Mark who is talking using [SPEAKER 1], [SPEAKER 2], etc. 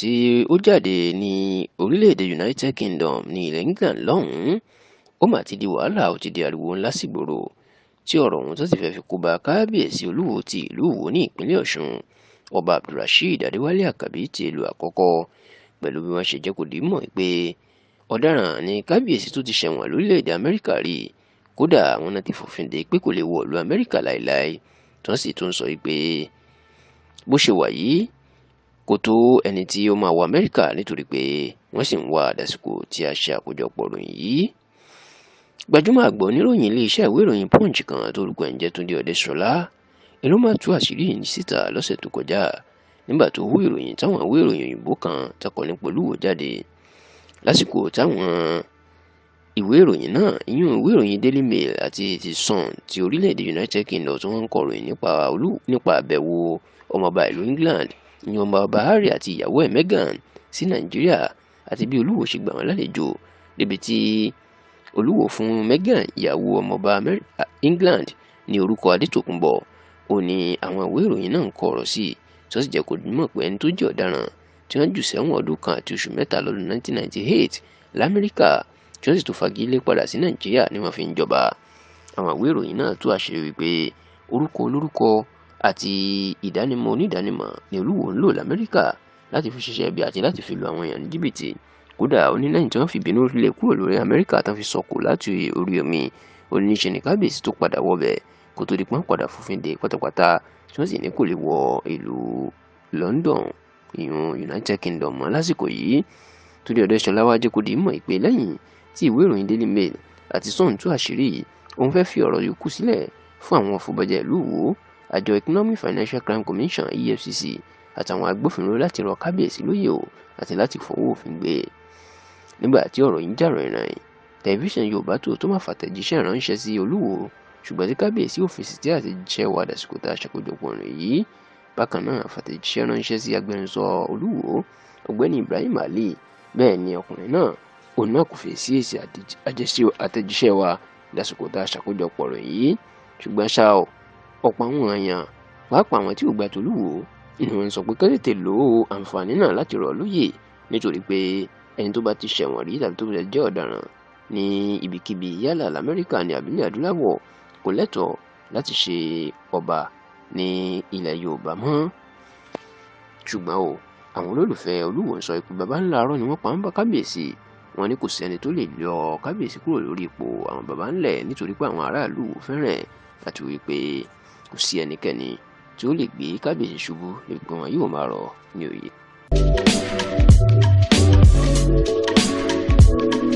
[SPEAKER 1] tí ó jáde ní orílẹ̀-èdè United Kingdom ní ilẹ̀ England lọ́hùn-ún ó mà ti di wàhálà ó ti di ariwo ńlá sígboro tí ọ̀rọ̀ ọ̀hún tó ti fẹ́ fi kó ba kábíyèsí olúwo ti ìlú Ìwó ní ìpínlẹ̀ Ọ̀ṣun ọba Abdulrasheed Adéwálé Àkàbí ti ìlú àkọ́kọ́ pẹ̀lú bí wọ́n ṣe jẹ́ kó dìímọ̀ pé ọ̀daràn ni kábíyèsí tó ti ṣẹ̀wọ̀n lórílẹ̀‐èdè Amẹ́ríkà rí kódà àwọn náà ti fòfin de pé kò lè wọ Amẹ́ríkà láéláé tó sì tún sọ pé bó ṣe wà yìí kó tó ẹni tí ó máa wọ amẹ́ríkà nítorí pé wọ́n sì ń wá àdásìkò tí a ṣe àkójọpọ̀ ròyìn yìí gbajúmọ̀ àgbà oníròyìn iléeṣẹ́ ìwé ìròyìn punch kan tó orúkọ ẹ̀ ń jẹ́ Túndé Ọdẹ́ṣọlá ni ló máa tú àṣírí yìí síta lọ́sẹ̀ tó kọjá nígbà tó hú ìròyìn táwọn ìwé ìròyìn òyìnbó kan takọ̀ ní polúwo jáde lásìkò táwọn ìwé ìròyìn náà ìyún ìwé ìròyìn Daily Mail àti ti Sun ti orílẹ̀-èdè United Kingdom tí wọ́n ń kọ̀ròyìn nípa àbẹ̀wò ọmọọba ìlú England ìyẹn ọba ọba Harry àti ìyàwó ẹ̀ Meghan sí Nàìjíríà àti bí olúwo ṣe gbà wọ́n lálejò débi tí olúwo fún Meghan ìyàwó ọmọọba England ní orúkọ Adétòkunbọ̀ ó ní àwọn ìwé ìròyìn náà ń kọ ọ̀rọ̀ sí i tí wọ́n sì jẹ́ kó mọ̀ pé ẹni tó jẹ́ ọ̀daràn tí wọ́n jù sẹ́wọ̀n ọdún kan àti oṣù mẹ́ta lọ́dún 1998 lamẹ́ríkà tí wọ́n sì tún fagilé padà sí nàìjíríà ni wọ́n fi ń jọba àwọn ìwé ìròyìn náà tú àṣírí wípé orúkọ olórúkọ àti ìdánimọ̀ onídánimọ̀ ni Olúwo ń lò l'Amẹ́ríkà láti fi ṣiṣẹ́ ibi àti láti fi lu àwọn èèyàn ní jìbìtì kódà ó ní lẹ́yìn tí wọ́n fìbínú lé kúrò lórí Amẹ́ríkà tán fi sọ̀kò láti orí omi ó ní ṣe ní kábíyèsí tó padà wọbẹ̀ kó tó di pọ́n padà fòfin de pátápátá tí wọ́n sì ní kò lè wọ ìlú London ìyún United Kingdom mọ́ lásìkò yìí torí Ọ̀dẹ́ṣọlá wá jẹ́ kó di mọ̀ ìpè lẹ́yìn tí ìwé ìròyìn Daily Mail àti Sun tú àṣírí òun fẹ́ fi ọ̀rọ̀ yòókù sílẹ̀ fún àwọn afọbajẹ ìlú Ìwó àjọ economic financial crime commission efcc àtàwọn agbófinró láti rọ kábíyèsí lóyè o àti láti fọwọ́ òfin gbé e nígbà tí ọ̀rọ̀ yìí jà rìnrìn tẹlifíṣàn yorùbá tó tó máa fàtẹ̀jíṣẹ́ ránṣẹ́ sí olúwo ṣùgbọ́n tí kábíyèsí òfìsì tí àtẹ̀jíṣẹ́ wà dàsìkò tá a ṣàkójọpọ̀ rẹ̀ yìí bákan náà fàtẹ̀jíṣẹ́ ránṣẹ́ sí agbẹnusọ olúwo ọ̀gbẹ́ni ibrahim ali bẹ́ẹ̀ ni ọkùnrin náà òun náà kò fèsì èsì àtẹ̀jíṣẹ́ wa dàsìkò tá a ṣàkójọpọ̀ rẹ̀ yìí ṣùgbọ́n ṣá ọ̀pọ̀ àwọn èèyàn pàápàá àwọn tí ò gba tòlú wò ni wọ́n sọ pé kẹ́lẹ́ tè lo àǹfààní náà láti rọ̀ lóyè nítorí pé ẹni tó bá ti ṣẹ̀wọ̀n rí tàbí tó bá jẹ́ ọ̀daràn ní ibikíbi yálà lamẹ́ríkà ní àbílẹ̀ adúláwọ̀ kò lẹ́tọ̀ọ́ láti ṣe ọba ní ilẹ̀ yorùbá mọ́ ṣùgbọ́n o àwọn olólùfẹ́ olúwo sọ ikú baba ńlá arọ́ ni wọ́n pa ń bá kábíyèsí wọ́n ní kò sẹ́ni tó lè lọ kábíyèsí kúrò lórí ipò àwọn baba ńlẹ̀ nítorí pé àwọn aráàlú fẹ́ràn àti wípé kò sí ẹnikẹ́ni tí ó lè gbé kábíyèsí ṣubú níbi pé wọn yóò máa rọ̀ ní òye. thank you